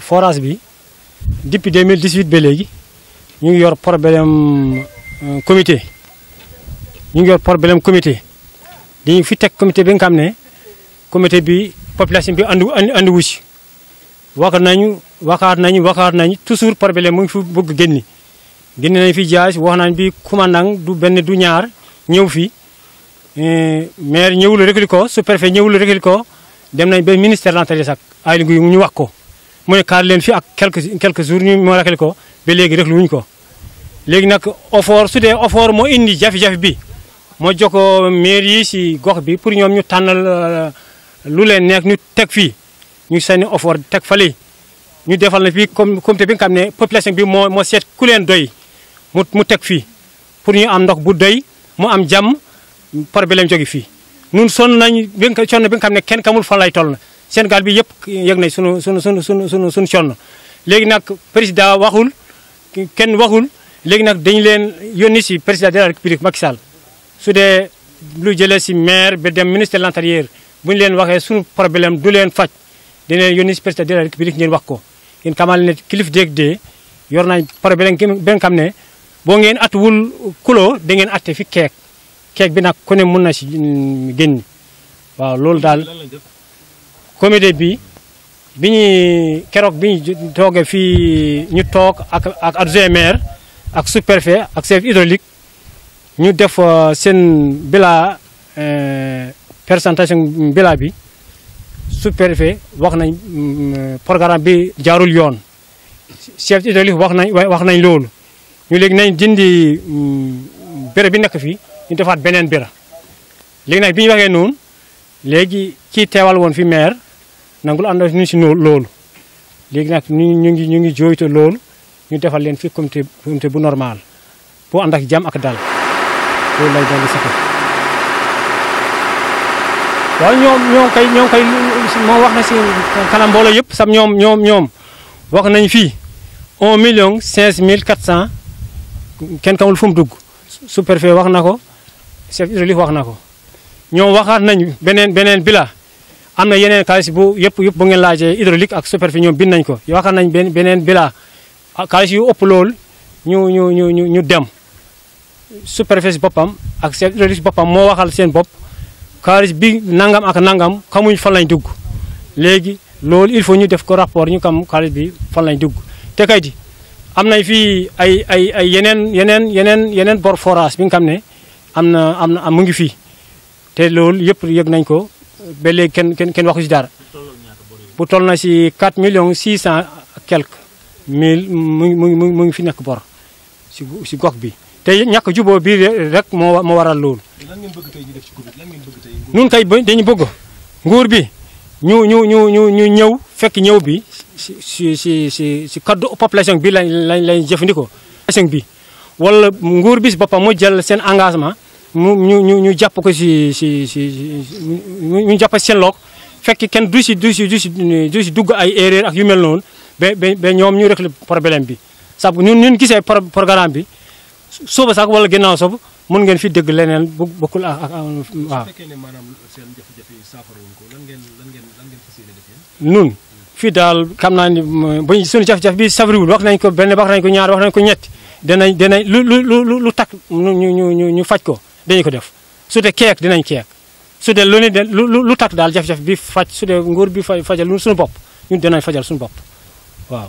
forage bi depuis 2018 be léegi ñu ngi yor problème euh, comité ñu ngi yor problème comité dañu fi teg comité bi nga xam ne comité bi population bi andu andu wu si waxaat nañu waxaat nañu waxaat nañu toujours problème mu ngi fu bëgg génni génn nañ fi jaay wax nañ bi commandant du benn du ñaar ñëw fi euh, maire ñëwul réglé ko sous-préfet ñëwul réglé ko dem nañ ba ministère de l'Intérieur sax ay li ñu wax ko mu ne kaar leen fi ak quelques quelques jours ñu moo rakkale ko ba léegi rek lu wuñ ko léegi nag OFOR su dee OFOR moo indi jafe-jafe bi moo jokkoo maire yi si gox bi pour ñoom ñu tànnal euh, lu leen nekk ñu teg fii ñu sànni OFOR teg fale ñu defal na fii comme comité bi nga xam ne population bi moo moo seet ku leen doy mu mu teg fii pour ñu am ndox bu doy mu am jàmm problème jóge fii. ñun sonn nañ bi nga sonn bi nga xam ne kenn kamul fan lay tol na Sénégal bi yëpp yëg nañ sunu sunu sunu sunu sunu sunu sonn léegi nag président waxul kenn waxul léegi nag dañu leen yónni si président de la république Macky Sall su dee lu jëlee si maire ba dem ministre de bu ñu leen waxee sunu problème du leen faj dañu leen yónni si président de la république ngeen wax ko ngeen xamal ne kilif déeg dee yor nañ problème ben xam ne boo ngeen atwul kuloo da ngeen atte fi keek keek bi nag ku ne mun na si génn waaw loolu daal comité bi bi ñuy keroog bi ñu toogee fii ñu toog ak ak adjoint maire ak sous ak chef hydraulique ñu def euh, seen bilan euh, présentation bilan bi sous wax nañ mm, programme bi jaarul yoon chef hydraulique wax nañ wax nañ loolu ñu léegi nañ dindi mm, béréb bi nekk fii ñu defaat beneen bira léegi nag bi ñu waxee noonu léegi kii teewal woon fi maire nangul ànd ak ñu si loolu léegi nag ñu ñu ngi ñu ngi jooyte loolu ñu defal leen fi comité comité bu normal bu ànd ak jàmm ak dal loolu lay doon sax waaw ñoom ñoo ñoo ñoom ñoom ñoom wax nañ fii un million cinq mille quatre cent kenn kamul fu mu dugg sous wax na ko chef hydraulique wax na ko ñoom waxaat nañ beneen beneen bila am na yeneen xaalis bu yëpp yëpp bu ngeen laajee hydraulique ak superficie ñoom bind nañ ko yaakaar nañ benn beneen bila xaalis yu ëpp lool ñu ñu ñu ñu ñu dem superficie boppam ak seen hydraulique boppam moo waxal seen bopp xaalis bi nangam ak nangam xamuñ fan lañ dugg léegi loolu il faut ñu def ko rapport ñu xam xaalis bi fan lañ dugg te kay di am nañ fii ay ay ay yeneen yeneen yeneen yeneen bor forage bi nga xam ne am na am na mu ngi fii te loolu yëpp yëg nañ ko ba léegi kenn kenn kenn waxu si dara bu toll na si million millions cent quelque mille mu ngi mu ngi fi nekk bor si si gox bi te ñàkk juboo bii rek moo moo waral loolu. lan ngeen bëgg tey ñu def ci Covid lan ngeen bëgg tey. ñun kay dañu bëgg nguur bi ñu ñu ñu ñu ñu ñëw fekk ñëw bi si si si si si bi lañ lañ lañ jëfandikoo. population mu ñu ñu ñu jàpp ko si si si ñu jàpp seen loog fekk kenn du si du si du si si dugg ay erreur ak yu mel noonu ba ba ba ñoom ñu réglé problème bi. sabu ñun ñun gisee programme bi suba sax wala ginnaaw soobu mun ngeen fi dégg leneen bu bokkul ak ak waaw. su fekkee ne maanaam daal xam naa ni buñ suñu jafe-jafe bi safriwul wax nañ ko benn wax nañ ko ñaar wax nañ ko ñett danañ danañ lu lu lu lu takk ñu ñu ñu faj ko. dañu ko def su dee keek dinañ keek su dee de lu lu takk daal jafe-jafe bi faj su dee nguur bi faj fajal lu suñu bopp ñun dinañ fajal suñu bopp waaw.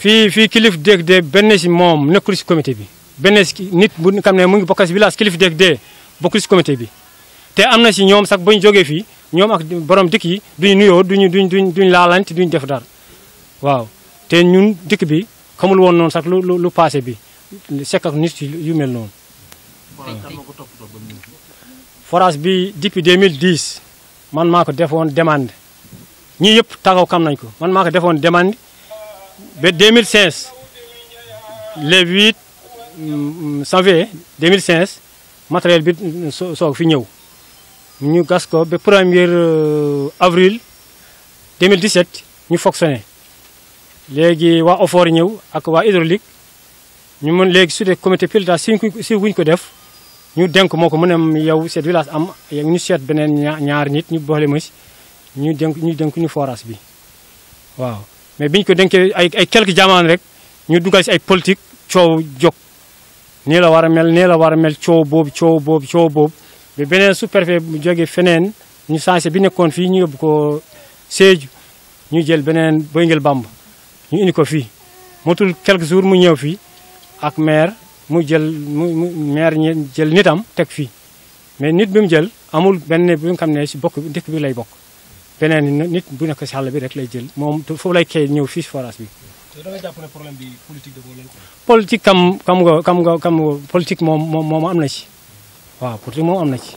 fii fii kilif dégg de benn moom nekkul si comité bi benn si nit bu nga ne mu ngi bokk si village kilif dégg de bokkul si comité bi. te am na si ñoom sax bu jogee fii ñoom ak borom dëkk yi duñu nuyoo duñu duñ duñ duñ def dara waaw te ñun dëkk bi. xamul woon noonu sax lu lu lu passé bi sekk ak nit yu mel noonu. forage bi depuis 2010 man maa ko defoon demande ñii yëpp taxaw xam nañ ko man maa ko defoon demande ba 2015 le 8 mm, mm, janvier 2015 matériel bi mm, soog fi ñëw. ñu gas ko ba premier euh, avril 2017 ñu fonctionné. léegi waa OFOR ñëw ak waa hydraulique ñu mën léegi su dee comité pilotage si si wuñ ko def ñu denk moo ko mën am yow seet village am ñu seet beneen ñaar nit ñu boole ma ñu denk ñu denk ñu bi waaw. mais biñ ko denkee ay ay quelques jamono rek ñu dugal si ay politique coow jog nii la war a mel nii la war a mel coow boobu coow boobu coow boobu beneen sous-préfet mu jógee feneen ñu changé bi nekkoon fii ñu yóbbu ko Sédhiou ñu jël beneen Boy Nguel ñu indi ko fii motul quelques jours mu ñëw fii ak maire mu jël mu maire ñi jël nitam teg fii mais nit bi mu jël amul benn bi nga xam ne si bokk dëkk bi lay bokk beneen nit bu nekk si bi rek lay jël moom foofu lay kay ñëw fii forage bi. da nga bi politique dafoo leen ko. politique kam kam nga kam nga kam politique moom moom am na ci waaw politique moom am na ci.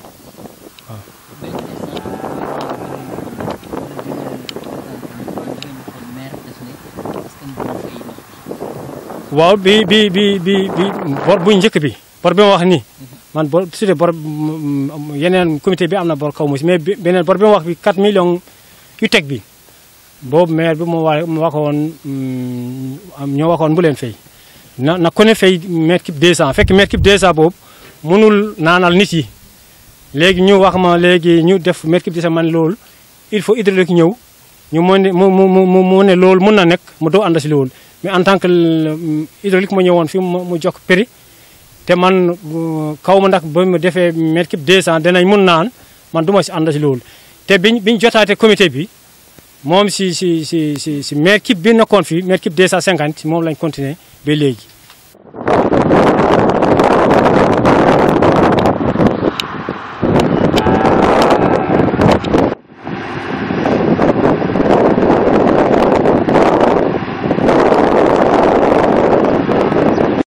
waaw bi bi bi bi bor bu njëkk bi bor bi ma wax ni man bor su dee bor yeneen comité bi am na bor kaw mu si mais beneen bor bi ma wax bi 4 millions yu bi boobu maire bi moo wa mu waxoon mm, ñoo waxoon bu leen fay na na ko ne fay mètre cube 200 fekk mètre cube 200 boobu mënul naanal nit yi léegi ñu wax ma léegi ñu def mètre cube 200 man lool il faut hydraulique ñëw ñu mën ne mu mu mu mu ne lool mën na nekk mu doo ànd si loolu mais en tant que hydraulique ma ñëwoon fi mu jokk prix te man kaw ma ndax ba mu defee mètre cube 200 danañ mun naan man duma ma si ànd si loolu te biñ biñ jotaate comité bi moom si si si si si mètre cube bi nekkoon fii mètre cube 250 moom lañ continuer léegi